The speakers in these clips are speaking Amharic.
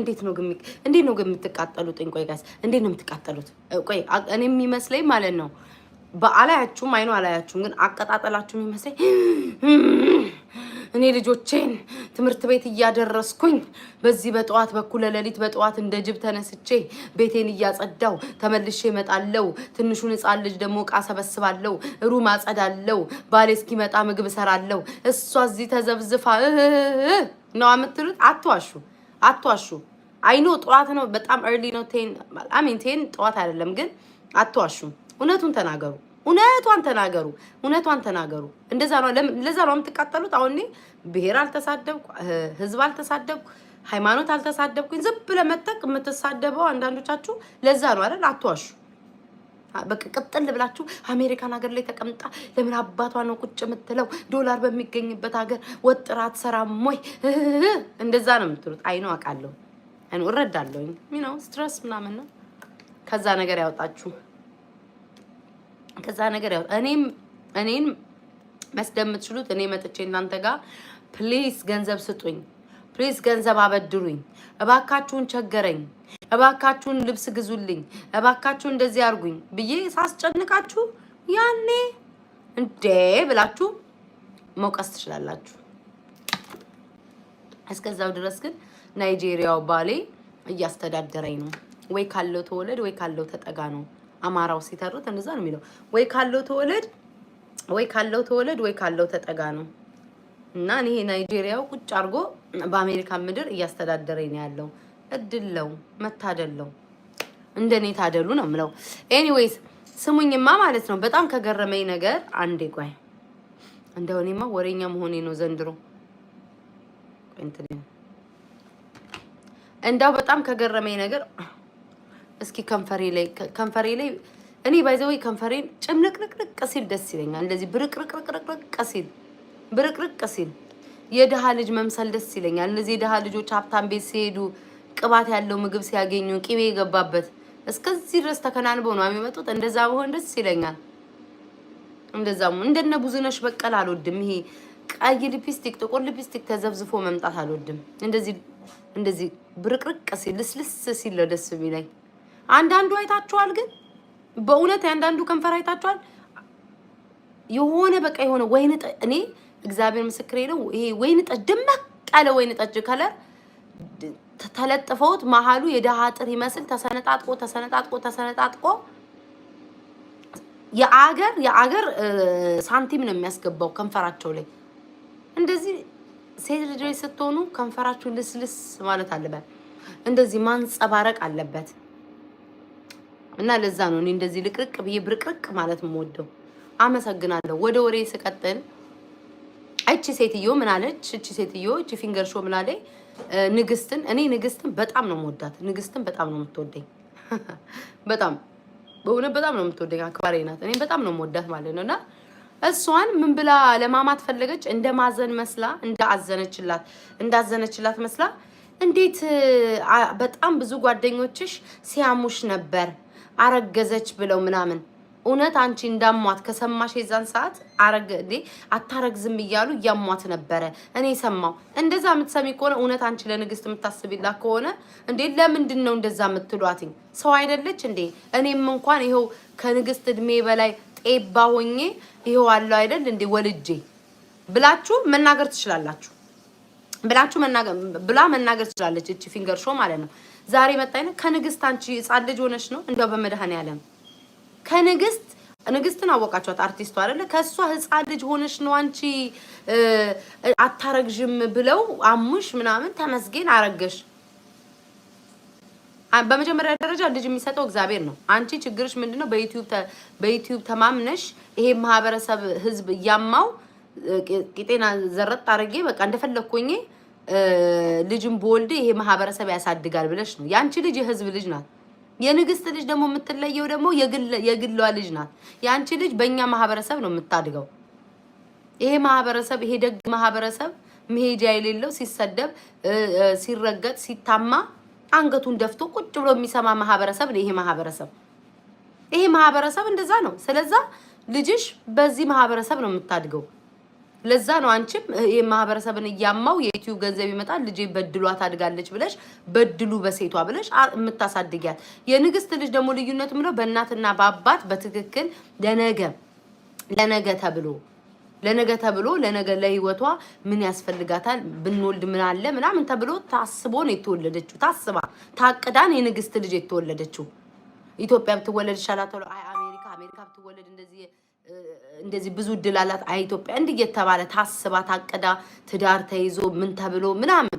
እንዴት ነው ግን እንዴት ነው ግን የምትቃጠሉት? እንቆይ ጋስ እንዴት ነው የምትቃጠሉት? ቆይ እኔ የሚመስለኝ ማለት ነው በአላያችሁም አይኑ አላያችሁም፣ ግን አቀጣጠላችሁ የሚመስለኝ እኔ ልጆቼን ትምህርት ቤት እያደረስኩኝ በዚህ በጠዋት በኩል ለሌሊት በጠዋት እንደ ጅብ ተነስቼ ቤቴን እያጸዳው ተመልሼ እመጣለው። ትንሹን ሕፃን ልጅ ደግሞ እቃ ሰበስባለው፣ ሩም አጸዳለው፣ ባሌ እስኪመጣ ምግብ እሰራለው። እሷ እዚህ ተዘብዝፋ ነው የምትሉት። አትዋሹ። አትዋሹ። አይኖ ጠዋት ነው፣ በጣም ኤርሊ ነው። ቴን አሚን ቴን ጠዋት አይደለም፣ ግን አትዋሹ። እውነቱን ተናገሩ። እውነቷን ተናገሩ። እውነቷን ተናገሩ። እንደዛ ነው። ለዛ ነው የምትቃጠሉት። አሁን እኔ ብሔር አልተሳደብኩ፣ ህዝብ አልተሳደብኩ፣ ሃይማኖት አልተሳደብኩኝ። ዝም ብለህ መጠቅ የምትሳደበው አንዳንዶቻችሁ። ለዛ ነው አይደል? አትዋሹ። በቃ ቅጥል ብላችሁ አሜሪካን ሀገር ላይ ተቀምጣ ለምን አባቷ ነው ቁጭ የምትለው? ዶላር በሚገኝበት ሀገር ወጥራት አትሰራም ወይ? እንደዛ ነው የምትሉት። አይኖ አውቃለሁ፣ አይኖ እረዳለሁኝ። ሚነው ስትረስ ምናምን ነው። ከዛ ነገር ያወጣችሁ፣ ከዛ ነገር ያወጣ እኔም እኔን መስደምትችሉት እኔ መጥቼ እናንተ ጋር ፕሊስ ገንዘብ ስጡኝ ፕሊዝ ገንዘብ አበድሩኝ እባካችሁን፣ ቸገረኝ እባካችሁን፣ ልብስ ግዙልኝ እባካችሁን፣ እንደዚህ አርጉኝ ብዬ ሳስጨንቃችሁ ያኔ እንዴ ብላችሁ መውቀስ ትችላላችሁ። እስከዛው ድረስ ግን ናይጄሪያው ባሌ እያስተዳደረኝ ነው። ወይ ካለው ተወለድ ወይ ካለው ተጠጋ ነው አማራው ሲተርት እንደዛ ነው የሚለው። ወይ ካለው ተወለድ ወይ ካለው ተወለድ ወይ ካለው ተጠጋ ነው። እና እኔ ናይጄሪያው ቁጭ አድርጎ በአሜሪካ ምድር እያስተዳደረኝ ነው ያለው። እድለው መታደለው እንደኔ ታደሉ ነው ምለው። ኤኒዌይስ ስሙኝማ ማለት ነው በጣም ከገረመኝ ነገር አንዴ ቆይ እንደው እኔማ ወሬኛ መሆኔ ነው ዘንድሮ። እንዳው በጣም ከገረመኝ ነገር እስኪ ከንፈሬ ላይ ከንፈሬ ላይ እኔ ባይዘወይ ከንፈሬን ጭምልቅልቅልቅ ሲል ደስ ይለኛል። እንደዚህ ብርቅርቅርቅርቅ ሲል ብርቅርቅ ሲል የድሃ ልጅ መምሰል ደስ ይለኛል። እነዚህ የድሃ ልጆች ሀብታም ቤት ሲሄዱ ቅባት ያለው ምግብ ሲያገኙ ቂቤ የገባበት እስከዚህ ድረስ ተከናንበው ነው የሚመጡት። እንደዛ በሆን ደስ ይለኛል። እንደዛ እንደነ ብዙነሽ በቀል አልወድም። ይሄ ቀይ ሊፕስቲክ፣ ጥቁር ሊፕስቲክ ተዘብዝፎ መምጣት አልወድም። እንደዚህ እንደዚህ ብርቅርቅ ሲል ልስልስ ሲል ነው ደስ የሚለኝ። አንዳንዱ አይታችኋል፣ ግን በእውነት የአንዳንዱ ከንፈር አይታችኋል። የሆነ በቃ የሆነ ወይን እኔ እግዚአብሔር ምስክሬ ነው። ይሄ ወይን ጠጅ ደመቅ ያለ ወይን ጠጅ ከለር ተለጥፈውት መሀሉ የደሃ አጥር ይመስል ተሰነጣጥቆ ተሰነጣጥቆ ተሰነጣጥቆ የአገር የአገር ሳንቲም ነው የሚያስገባው ከንፈራቸው ላይ እንደዚህ ሴት ልጆች ስትሆኑ ከንፈራችሁ ልስልስ ማለት አለበት፣ እንደዚህ ማንጸባረቅ አለበት። እና ለዛ ነው እኔ እንደዚህ ልቅርቅ ብዬ ብርቅርቅ ማለት የምወደው። አመሰግናለሁ። ወደ ወሬ ስቀጥል እቺ ሴትዮ ምን አለች? እቺ ሴትዮ እቺ ፊንገር ሾ ምን አለች? ንግስትን እኔ ንግስትን በጣም ነው የምወዳት። ንግስትን በጣም ነው የምትወደኝ። በጣም በእውነት በጣም ነው የምትወደኝ። አክባሬ ናት። እኔ በጣም ነው የምወዳት ማለት ነውና እሷን ምን ብላ ለማማት ፈለገች? እንደ ማዘን መስላ እንዳዘነችላት እንዳዘነችላት መስላ እንዴት በጣም ብዙ ጓደኞችሽ ሲያሙሽ ነበር አረገዘች ብለው ምናምን እውነት አንቺ እንዳሟት ከሰማሽ የዛን ሰዓት አረግ አታረግዝም እያሉ እያሟት ነበረ። እኔ ሰማው። እንደዛ የምትሰሚ ከሆነ እውነት አንቺ ለንግስት የምታስቢላት ከሆነ እንዴ ለምንድን ነው እንደዛ የምትሏትኝ? ሰው አይደለች እንዴ? እኔም እንኳን ይኸው ከንግስት እድሜ በላይ ጤባ ሆኜ ይኸው አለው አይደል እንዴ ወልጄ ብላችሁ መናገር ትችላላችሁ ብላችሁ መናገር ብላ መናገር ትችላለች። እቺ ፊንገር ሾ ማለት ነው። ዛሬ መጣይነ ከንግስት አንቺ ህፃን ልጅ ሆነሽ ነው እንደው በመድኃኔዓለም ከንግስት ንግስትን አወቃቸዋት አርቲስቱ አይደለ? ከእሷ ህፃን ልጅ ሆነሽ ነው አንቺ አታረግዥም ብለው አሙሽ ምናምን ተመስገን አረገሽ። በመጀመሪያ ደረጃ ልጅ የሚሰጠው እግዚአብሔር ነው። አንቺ ችግርሽ ምንድን ነው? በዩቲዩብ ተማምነሽ ይሄ ማህበረሰብ ህዝብ እያማው ቂጤና ዘረጥ አድርጌ በቃ እንደፈለግኩኝ ልጅም በወልድ ይሄ ማህበረሰብ ያሳድጋል ብለሽ ነው። የአንቺ ልጅ የህዝብ ልጅ ናት። የንግስት ልጅ ደግሞ የምትለየው ደግሞ የግሏ ልጅ ናት። የአንቺ ልጅ በእኛ ማህበረሰብ ነው የምታድገው። ይሄ ማህበረሰብ ይሄ ደግ ማህበረሰብ መሄጃ የሌለው ሲሰደብ፣ ሲረገጥ፣ ሲታማ አንገቱን ደፍቶ ቁጭ ብሎ የሚሰማ ማህበረሰብ ነው ይሄ ማህበረሰብ። ይሄ ማህበረሰብ እንደዛ ነው። ስለዛ ልጅሽ በዚህ ማህበረሰብ ነው የምታድገው። ለዛ ነው አንቺም ማህበረሰብን እያማው የዩቲዩብ ገንዘብ ይመጣል ልጄ በድሏ ታድጋለች ብለሽ በድሉ በሴቷ ብለሽ የምታሳድጊያት። የንግስት ልጅ ደግሞ ልዩነት ምለው በእናትና በአባት በትክክል ለነገ ለነገ ተብሎ ለነገ ተብሎ ለነገ ለህይወቷ ምን ያስፈልጋታል ብንወልድ ምን አለ ምናምን ተብሎ ታስቦ ነው የተወለደችው። ታስባ ታቅዳን የንግስት ልጅ የተወለደችው። ኢትዮጵያ ብትወለድ ተብሎ አሜሪካ አሜሪካ ብትወለድ እንደዚህ እንደዚህ ብዙ እድል አላት ኢትዮጵያ እንዲህ የተባለ ታስባ ታቀዳ ትዳር ተይዞ ምን ተብሎ ምናምን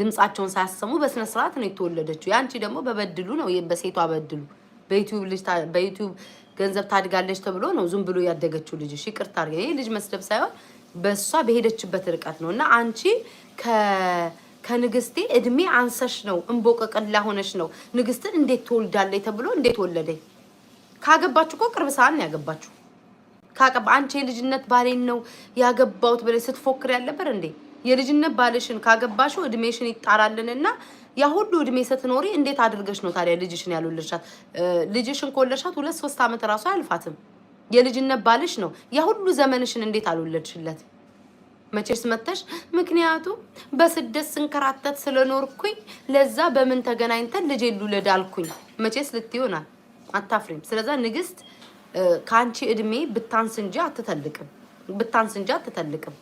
ድምጻቸውን ሳያሰሙ በስነ ስርዓት ነው የተወለደችው። ያንቺ ደግሞ በበድሉ ነው በሴቷ በድሉ በዩቲዩብ ልጅ በዩቲዩብ ገንዘብ ታድጋለች ተብሎ ነው ዝም ብሎ ያደገችው ልጅሽ። ይቅርታ አድርገ ይህ ልጅ መስደብ ሳይሆን በእሷ በሄደችበት ርቀት ነው እና አንቺ ከንግስቴ እድሜ አንሰሽ ነው እንቦቀቅላ ሆነሽ ነው ንግስትን እንዴት ትወልዳለች ተብሎ እንዴት ወለደኝ። ካገባችሁ እኮ ቅርብ ሰዓት ነው ያገባችሁ ካቀ አንቺ የልጅነት ባሌን ነው ያገባውት ብለሽ ስትፎክር ያለበር እንዴ? የልጅነት ባልሽን ካገባሽው እድሜሽን ይጣራልንና ያ ሁሉ እድሜ ስትኖሪ እንዴት አድርገሽ ነው ታዲያ ልጅሽን ያልወለድሻት? ልጅሽን ከወለድሻት ሁለት ሶስት ዓመት ራሱ አያልፋትም። የልጅነት ባልሽ ነው። ያ ሁሉ ዘመንሽን እንዴት አልወለድሽለት? መቼስ መተሽ ምክንያቱም በስደት ስንከራተት ስለኖርኩኝ ለዛ በምን ተገናኝተን ልጅ ልውለድ አልኩኝ። መቼስ ልት ይሆናል አታፍሪም። ስለዛ ንግስት ከአንቺ እድሜ ብታንስ እንጂ አትተልቅም፣ ብታንስ እንጂ አትተልቅም።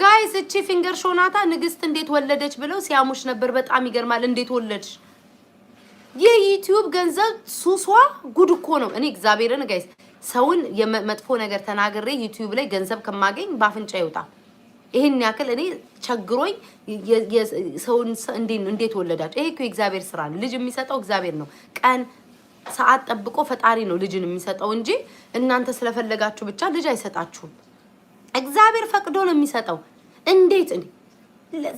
ጋይስ እቺ ፊንገር ሾናታ ንግስት እንዴት ወለደች ብለው ሲያሙሽ ነበር። በጣም ይገርማል። እንዴት ወለድሽ? የዩቲዩብ ገንዘብ ሱሷ ጉድ እኮ ነው። እኔ እግዚአብሔርን ጋይስ ሰውን የመጥፎ ነገር ተናግሬ ዩቲዩብ ላይ ገንዘብ ከማገኝ በአፍንጫ ይወጣ ይህን ያክል እኔ ቸግሮኝ ሰውን እንዴት ወለዳቸው። ይሄ እኮ የእግዚአብሔር ስራ ነው። ልጅ የሚሰጠው እግዚአብሔር ነው። ቀን ሰዓት ጠብቆ ፈጣሪ ነው ልጅን የሚሰጠው እንጂ እናንተ ስለፈለጋችሁ ብቻ ልጅ አይሰጣችሁም። እግዚአብሔር ፈቅዶ ነው የሚሰጠው። እንዴት እኔ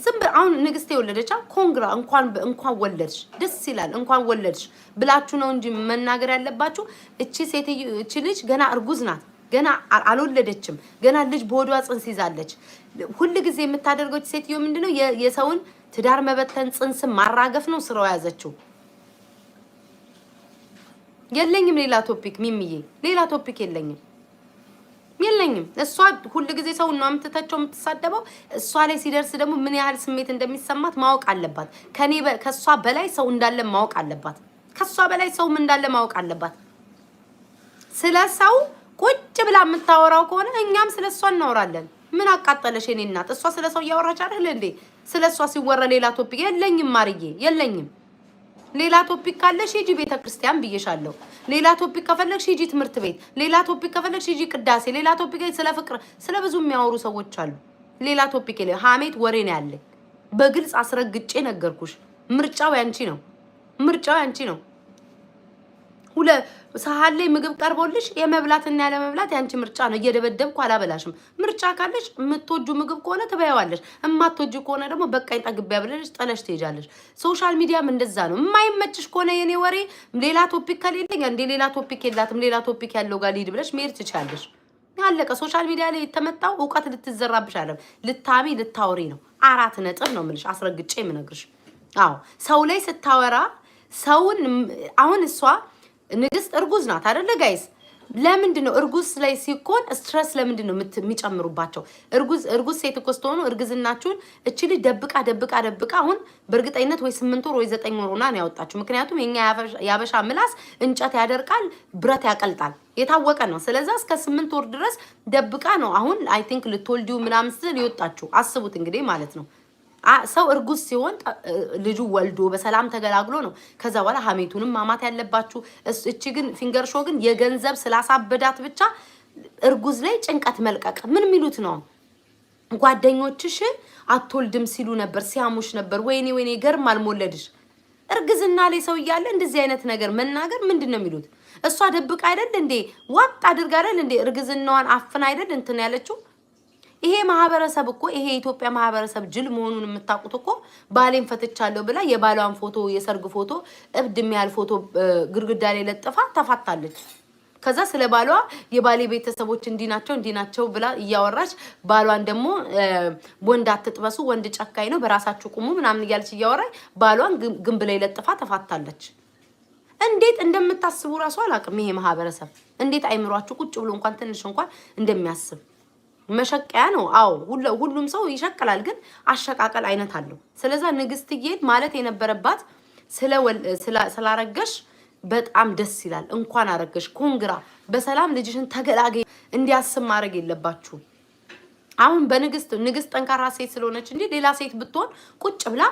ዝም ብለህ አሁን ንግስት የወለደቻ ኮንግራ እንኳን እንኳን ወለድሽ ደስ ይላል እንኳን ወለድሽ ብላችሁ ነው እንጂ መናገር ያለባችሁ። እቺ ሴትዮ እቺ ልጅ ገና እርጉዝ ናት። ገና አልወለደችም። ገና ልጅ በሆዷ ጽንስ ይዛለች። ሁል ጊዜ የምታደርገው ሴትዮ ምንድነው የሰውን ትዳር መበተን፣ ጽንስን ማራገፍ ነው ስራው የያዘችው። የለኝም ሌላ ቶፒክ ሚሚዬ፣ ሌላ ቶፒክ የለኝም የለኝም። እሷ ሁል ጊዜ ሰው ነው የምትተቸው የምትሳደበው። እሷ ላይ ሲደርስ ደግሞ ምን ያህል ስሜት እንደሚሰማት ማወቅ አለባት። ከኔ ከእሷ በላይ ሰው እንዳለ ማወቅ አለባት። ከእሷ በላይ ሰውም እንዳለ ማወቅ አለባት። ስለ ሰው ቁጭ ብላ የምታወራው ከሆነ እኛም ስለ እሷ እናወራለን። ምን አቃጠለሽ የኔ እናት? እሷ ስለ ሰው እያወራች አይደል እንዴ? ስለ እሷ ሲወራ ሌላ ቶፒክ የለኝም ማርዬ፣ የለኝም ሌላ ቶፒክ ካለሽ ሂጂ ቤተ ክርስቲያን ብዬሻለሁ። ሌላ ቶፒክ ከፈለግሽ ሂጂ ትምህርት ቤት። ሌላ ቶፒክ ከፈለግሽ ሂጂ ቅዳሴ። ሌላ ቶፒክ ስለ ፍቅር፣ ስለ ብዙ የሚያወሩ ሰዎች አሉ። ሌላ ቶፒክ የለ። ሀሜት ወሬ ነው ያለ። በግልጽ አስረግጬ ነገርኩሽ። ምርጫው ያንቺ ነው። ምርጫው ያንቺ ነው። ሁለ ሳህን ላይ ምግብ ቀርቦልሽ የመብላትና ያለመብላት ያንቺ ምርጫ ነው። እየደበደብኩ አላበላሽም። ምርጫ ካለሽ የምትወጁ ምግብ ከሆነ ትበያዋለሽ፣ እማትወጁ ከሆነ ደግሞ በቃኝ ጠግቢያ ብለሽ ጥለሽ ትሄጃለሽ። ሶሻል ሚዲያም እንደዛ ነው። የማይመችሽ ከሆነ የኔ ወሬ ሌላ ቶፒክ ከሌለኝ እንደ ሌላ ቶፒክ የላትም ሌላ ቶፒክ ያለው ጋር ልሂድ ብለሽ መሄድ ትቻለሽ። ያለቀ ሶሻል ሚዲያ ላይ የተመጣው እውቀት ልትዘራብሽ አለም ልታሚ ልታወሪ ነው። አራት ነጥብ ነው የምልሽ፣ አስረግጬ የምነግርሽ። አዎ ሰው ላይ ስታወራ ሰውን አሁን እሷ ንግስት እርጉዝ ናት አደለ ጋይስ? ለምንድን ነው እርጉዝ ላይ ሲኮን ስትረስ ለምንድን ነው የሚጨምሩባቸው? እርጉዝ ሴት እኮ ስትሆኑ እርግዝናችሁን እች ልጅ ደብቃ ደብቃ ደብቃ አሁን በእርግጠኝነት ወይ ስምንት ወር ወይ ዘጠኝ ወር ሆና ነው ያወጣችሁ። ምክንያቱም የኛ ያበሻ ምላስ እንጨት ያደርቃል፣ ብረት ያቀልጣል፣ የታወቀ ነው። ስለዛ እስከ ስምንት ወር ድረስ ደብቃ ነው አሁን አይ ቲንክ ልትወልዲው ምናምን ስትል ይወጣችሁ። አስቡት እንግዲህ ማለት ነው ሰው እርጉዝ ሲሆን ልጁ ወልዶ በሰላም ተገላግሎ ነው። ከዛ በኋላ ሀሜቱንም ማማት ያለባችሁ። እቺ ግን ፊንገርሾ ግን የገንዘብ ስላሳበዳት ብቻ እርጉዝ ላይ ጭንቀት መልቀቅ ምን የሚሉት ነው? ጓደኞችሽ አትወልድም ሲሉ ነበር፣ ሲያሙሽ ነበር። ወይኔ ወይኔ ገርም አልሞለድሽ እርግዝና ላይ ሰው እያለ እንደዚህ አይነት ነገር መናገር ምንድን ነው የሚሉት? እሷ ደብቅ አይደል እንዴ? ዋጥ አድርግ አይደል እንዴ? እርግዝናዋን አፍን አይደል እንትን ያለችው ይሄ ማህበረሰብ እኮ ይሄ የኢትዮጵያ ማህበረሰብ ጅል መሆኑን የምታውቁት እኮ ባሌን ፈትቻለሁ ብላ የባሏን ፎቶ የሰርግ ፎቶ እብድ የሚያል ፎቶ ግድግዳ ላይ ለጥፋ ተፋታለች። ከዛ ስለ ባሏ የባሌ ቤተሰቦች እንዲ ናቸው እንዲ ናቸው ብላ እያወራች ባሏን ደግሞ ወንድ አትጥበሱ፣ ወንድ ጨካኝ ነው፣ በራሳችሁ ቁሙ ምናምን እያለች እያወራች ባሏን ግንብ ላይ ለጥፋ ተፋታለች። እንዴት እንደምታስቡ እራሱ አላውቅም። ይሄ ማህበረሰብ እንዴት አይምሯችሁ ቁጭ ብሎ እንኳን ትንሽ እንኳን እንደሚያስብ መሸቀያ ነው። አዎ ሁሉም ሰው ይሸቅላል፣ ግን አሸቃቀል አይነት አለው። ስለዛ ንግስትዬን ማለት የነበረባት ስላረገሽ በጣም ደስ ይላል፣ እንኳን አረገሽ፣ ኮንግራ፣ በሰላም ልጅሽን ተገላገይ እንዲያስብ ማድረግ የለባችሁም። አሁን በንግስት ንግስት ጠንካራ ሴት ስለሆነች እንጂ ሌላ ሴት ብትሆን ቁጭ ብላ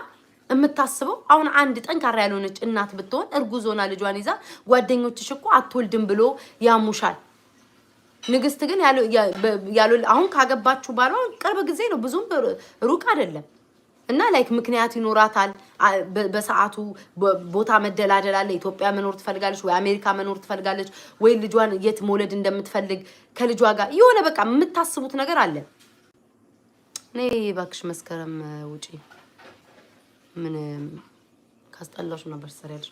የምታስበው አሁን አንድ ጠንካራ ያልሆነች እናት ብትሆን እርጉዞና ልጇን ይዛ ጓደኞችሽ እኮ አትወልድም ብሎ ያሙሻል ንግስት ግን ያሉ አሁን ካገባችሁ ባሏ ቅርብ ጊዜ ነው፣ ብዙም ሩቅ አይደለም። እና ላይክ ምክንያት ይኖራታል። በሰዓቱ ቦታ መደላደል አለ። ኢትዮጵያ መኖር ትፈልጋለች ወይ አሜሪካ መኖር ትፈልጋለች ወይ ልጇን የት መውለድ እንደምትፈልግ ከልጇ ጋር የሆነ በቃ የምታስቡት ነገር አለ። እኔ እባክሽ መስከረም ውጪ፣ ምን ካስጠላሽ ነበር ሰሪያለሽ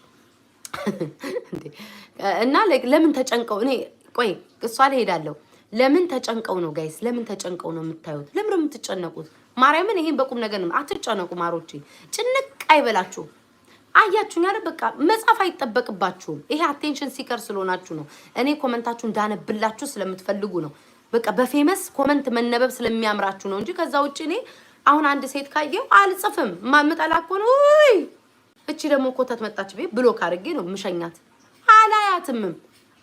እና ለምን ተጨንቀው እኔ ቆይ እሷ ሄዳለሁ ለምን ተጨንቀው ነው ጋይስ? ለምን ተጨንቀው ነው የምታዩት? ለምን ነው የምትጨነቁት? ማርያምን ይሄን በቁም ነገር ነው። አትጨነቁ ማሮቼ፣ ጭንቅ አይበላችሁ። አያችሁኝ አይደል? በቃ መጻፍ አይጠበቅባችሁም። ይሄ አቴንሽን ሲከር ስለሆናችሁ ነው። እኔ ኮመንታችሁ እንዳነብላችሁ ስለምትፈልጉ ነው። በቃ በፌመስ ኮመንት መነበብ ስለሚያምራችሁ ነው እንጂ ከዛ ውጭ እኔ አሁን አንድ ሴት ካየው አልጽፍም። ማምጣላ ነው። እቺ ደግሞ ኮተት መጣች ቤት ብሎክ አድርጌ ነው ምሸኛት አላያትምም።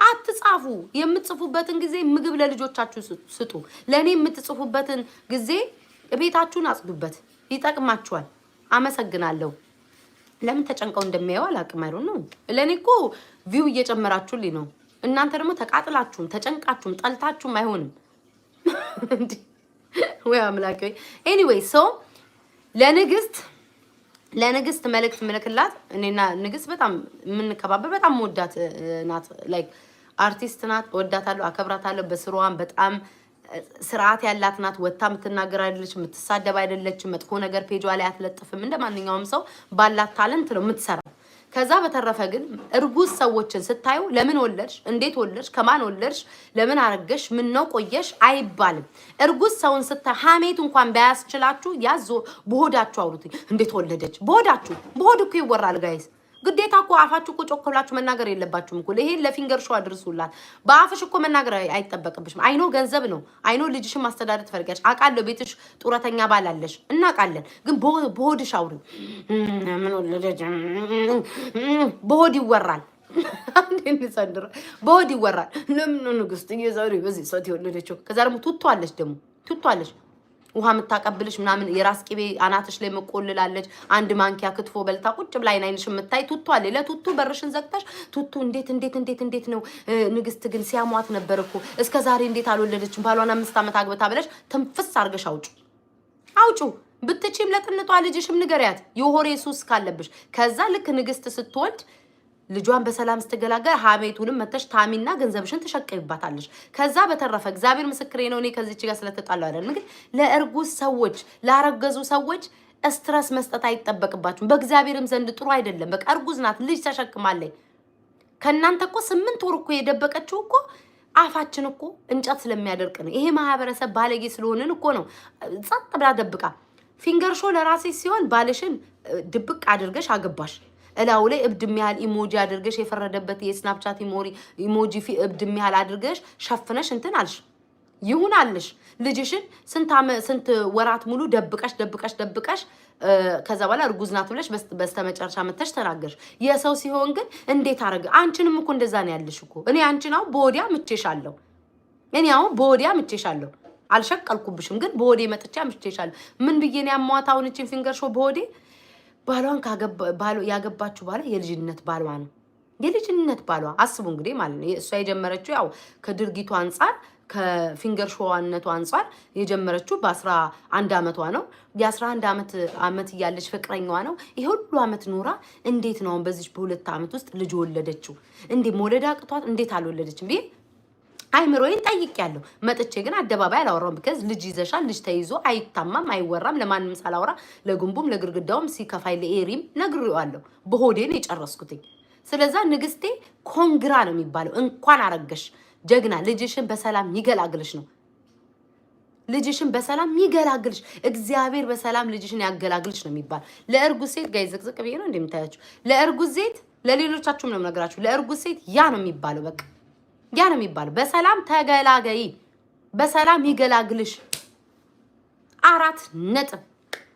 አትጻፉ። የምትጽፉበትን ጊዜ ምግብ ለልጆቻችሁ ስጡ። ለእኔ የምትጽፉበትን ጊዜ ቤታችሁን አጽዱበት፣ ይጠቅማችኋል። አመሰግናለሁ። ለምን ተጨንቀው እንደሚያየው አላቅም። አይሮ ነው። ለእኔ እኮ ቪው እየጨመራችሁልኝ ነው። እናንተ ደግሞ ተቃጥላችሁም ተጨንቃችሁም ጠልታችሁም አይሆንም። ወይ አምላክ። ኤኒዌይ ሰው ለንግስት ለንግስት መልእክት ምልክላት። እኔና ንግስት በጣም የምንከባበር በጣም ወዳት ናት። ላይክ አርቲስት ናት፣ ወዳታለሁ፣ አከብራታለሁ። በስሯዋን በጣም ስርዓት ያላት ናት። ወታ የምትናገር አይደለች፣ የምትሳደብ አይደለች፣ መጥፎ ነገር ፔጇ ላይ አትለጥፍም። እንደ ማንኛውም ሰው ባላት ታለንት ነው የምትሰራ ከዛ በተረፈ ግን እርጉዝ ሰዎችን ስታዩ ለምን ወለድሽ፣ እንዴት ወለድሽ፣ ከማን ወለድሽ፣ ለምን አረገሽ፣ ምን ነው ቆየሽ አይባልም። እርጉዝ ሰውን ስታ ሀሜት እንኳን ባያስችላችሁ ያዞ በሆዳችሁ አውሩት። እንዴት ወለደች በሆዳችሁ በሆድ እኮ ይወራል ጋይስ ግዴታ እኮ አፋችሁ እኮ ጮክ ብላችሁ መናገር የለባችሁም እኮ። ይሄን ለፊንገር ሾ አድርሱላት። በአፍሽ እኮ መናገር አይጠበቅብሽም። አይኖ ገንዘብ ነው። አይኖ ልጅሽን ማስተዳደር ትፈልጋለሽ አውቃለሁ። ቤትሽ ጡረተኛ ባላለሽ እናውቃለን። ግን በሆድሽ አውሪ፣ በሆድ ይወራል ንሰንድረ በሆድ ይወራል። ለምን ንግስት እየዘሪ በዚህ ሰት የወለደችው ከዛ ደግሞ ቱቷለች ደግሞ ቱቷለች ውሃ የምታቀብልሽ ምናምን የራስ ቅቤ አናትሽ ላይ መቆልላለች። አንድ ማንኪያ ክትፎ በልታ ቁጭ ብላ አይን አይንሽ የምታይ ቱቱ አለ። ለቱቱ በርሽን ዘግተሽ ቱቱ እንዴት እንዴት እንዴት እንዴት ነው ንግስት ግን ሲያሟት ነበር እኮ እስከ ዛሬ እንዴት አልወለደችም? ባሏን አምስት ዓመት አግብታ ብለሽ ትንፍስ አርገሽ አውጩ አውጩ። ብትችም ለጥንጧ ልጅሽም ንገሪያት የሆሬ ሱስ ካለብሽ። ከዛ ልክ ንግስት ስትወልድ ልጇን በሰላም ስትገላገል ሀሜቱንም መተሽ ታሚና ገንዘብሽን ትሸቀይባታለሽ። ከዛ በተረፈ እግዚአብሔር ምስክሬ ነው። እኔ ከዚች ጋር ስለተጣለው አይደለም፣ ግን ለእርጉዝ ሰዎች ላረገዙ ሰዎች ስትረስ መስጠት አይጠበቅባችሁም። በእግዚአብሔርም ዘንድ ጥሩ አይደለም። በቃ እርጉዝ ናት፣ ልጅ ተሸክማለች። ከእናንተ እኮ ስምንት ወር እኮ የደበቀችው እኮ አፋችን እኮ እንጨት ስለሚያደርቅ ነው። ይሄ ማህበረሰብ ባለጌ ስለሆንን እኮ ነው። ጸጥ ብላ ደብቃ ፊንገርሾ ለራሴ ሲሆን ባልሽን ድብቅ አድርገሽ አገባሽ። እላው ላይ እብድ የሚያህል ኢሞጂ አድርገሽ የፈረደበት የስናፕቻት ኢሞጂ እብድ የሚያህል አድርገሽ ሸፍነሽ እንትን አልሽ። ይሁን አልሽ። ልጅሽን ስንት ወራት ሙሉ ደብቀሽ ደብቀሽ ደብቀሽ ከዛ በኋላ እርጉዝ ናት ብለሽ በስተመጨረሻ መተሽ ተናገርሽ። የሰው ሲሆን ግን እንዴት አረገ? አንቺንም እኮ እንደዛ ነው ያለሽ እኮ። እኔ አንቺን አሁን በወዲያ ምቼሻለሁ። እኔ አሁን በወዲያ ምቼሻለሁ። አልሸቀልኩብሽም፣ ግን በወዴ መጥቻ ምቼሻለሁ። ምን ብዬ ነው ያሟታውን እቺን ፊንገር ሾ በወዴ ባሏን ያገባችው ባለ የልጅነት ባሏ ነው። የልጅነት ባሏ አስቡ እንግዲህ ማለት ነው። እሷ የጀመረችው ያው ከድርጊቱ አንጻር ከፊንገር ሾዋነቱ አንጻር የጀመረችው በአስራ አንድ ዓመቷ ነው። የአስራ አንድ ዓመት ዓመት እያለች ፍቅረኛዋ ነው። ይህ ሁሉ ዓመት ኖራ እንዴት ነው አሁን በዚች በሁለት ዓመት ውስጥ ልጅ ወለደችው? እንዴ መውለድ አቅቷት እንዴት አልወለደችም? አይምሮዬን ጠይቄያለሁ። መጥቼ ግን አደባባይ አላወራውም። ቢከዝ ልጅ ይዘሻል፣ ልጅ ተይዞ አይታማም፣ አይወራም። ለማንም ሳላወራ ለግንቡም ለግርግዳውም ሲከፋይ ለኤሪም ነግሬዋለሁ። በሆዴን የጨረስኩትኝ። ስለዛ ንግስቴ ኮንግራ ነው የሚባለው። እንኳን አረገሽ ጀግና። ልጅሽን በሰላም ይገላግልሽ ነው ልጅሽን በሰላም ይገላግልሽ። እግዚአብሔር በሰላም ልጅሽን ያገላግልሽ ነው የሚባል። ለእርጉዝ ሴት ጋይ ዝቅዝቅ ብዬ ነው እንደምታያችሁ። ለእርጉዝ ሴት ለሌሎቻችሁም ነው የምነግራችሁ። ለእርጉዝ ሴት ያ ነው የሚባለው በቃ ያ ነው የሚባለው። በሰላም ተገላገይ፣ በሰላም ይገላግልሽ። አራት ነጥብ።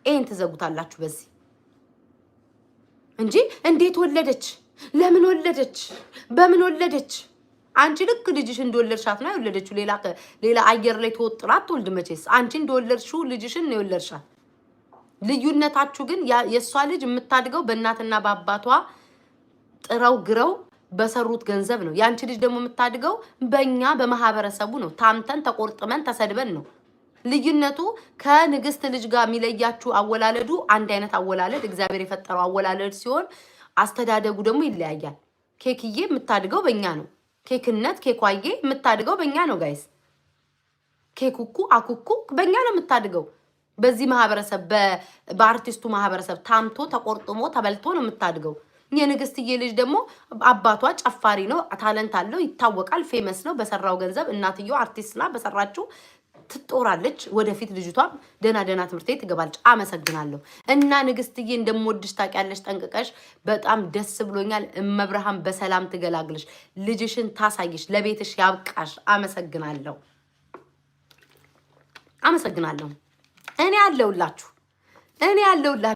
ይህን ትዘጉታላችሁ በዚህ እንጂ እንዴት ወለደች? ለምን ወለደች? በምን ወለደች? አንቺ ልክ ልጅሽ እንደወለድሻት ነው የወለደችው። ሌላ ሌላ አየር ላይ ተወጥራ አትወልድ መቼስ። አንቺ እንደወለድሽው ልጅሽን ነው የወለድሻት። ልዩነታችሁ ግን የእሷ ልጅ የምታድገው በእናትና በአባቷ ጥረው ግረው በሰሩት ገንዘብ ነው። ያንቺ ልጅ ደግሞ የምታድገው በእኛ በማህበረሰቡ ነው። ታምተን ተቆርጥመን ተሰድበን ነው። ልዩነቱ ከንግስት ልጅ ጋር የሚለያችሁ አወላለዱ አንድ አይነት አወላለድ እግዚአብሔር የፈጠረው አወላለድ ሲሆን አስተዳደጉ ደግሞ ይለያያል። ኬክዬ የምታድገው በእኛ ነው። ኬክነት ኬኳዬ የምታድገው በእኛ ነው። ጋይስ ኬኩኩ አኩኩ በእኛ ነው የምታድገው። በዚህ ማህበረሰብ በአርቲስቱ ማህበረሰብ ታምቶ ተቆርጥሞ ተበልቶ ነው የምታድገው። የንግስትዬ ልጅ ደግሞ አባቷ ጨፋሪ ነው፣ ታለንት አለው፣ ይታወቃል፣ ፌመስ ነው። በሰራው ገንዘብ እናትየው አርቲስትና በሰራችው ትጦራለች። ወደፊት ልጅቷ ደህና ደህና ትምህርት ቤት ትገባለች። አመሰግናለሁ እና ንግስትዬ እንደምወድሽ ታውቂያለሽ ጠንቅቀሽ። በጣም ደስ ብሎኛል። እመብርሃን በሰላም ትገላግልሽ፣ ልጅሽን ታሳይሽ፣ ለቤትሽ ያብቃሽ። አመሰግናለሁ፣ አመሰግናለሁ። እኔ አለሁላችሁ፣ እኔ አለሁላችሁ።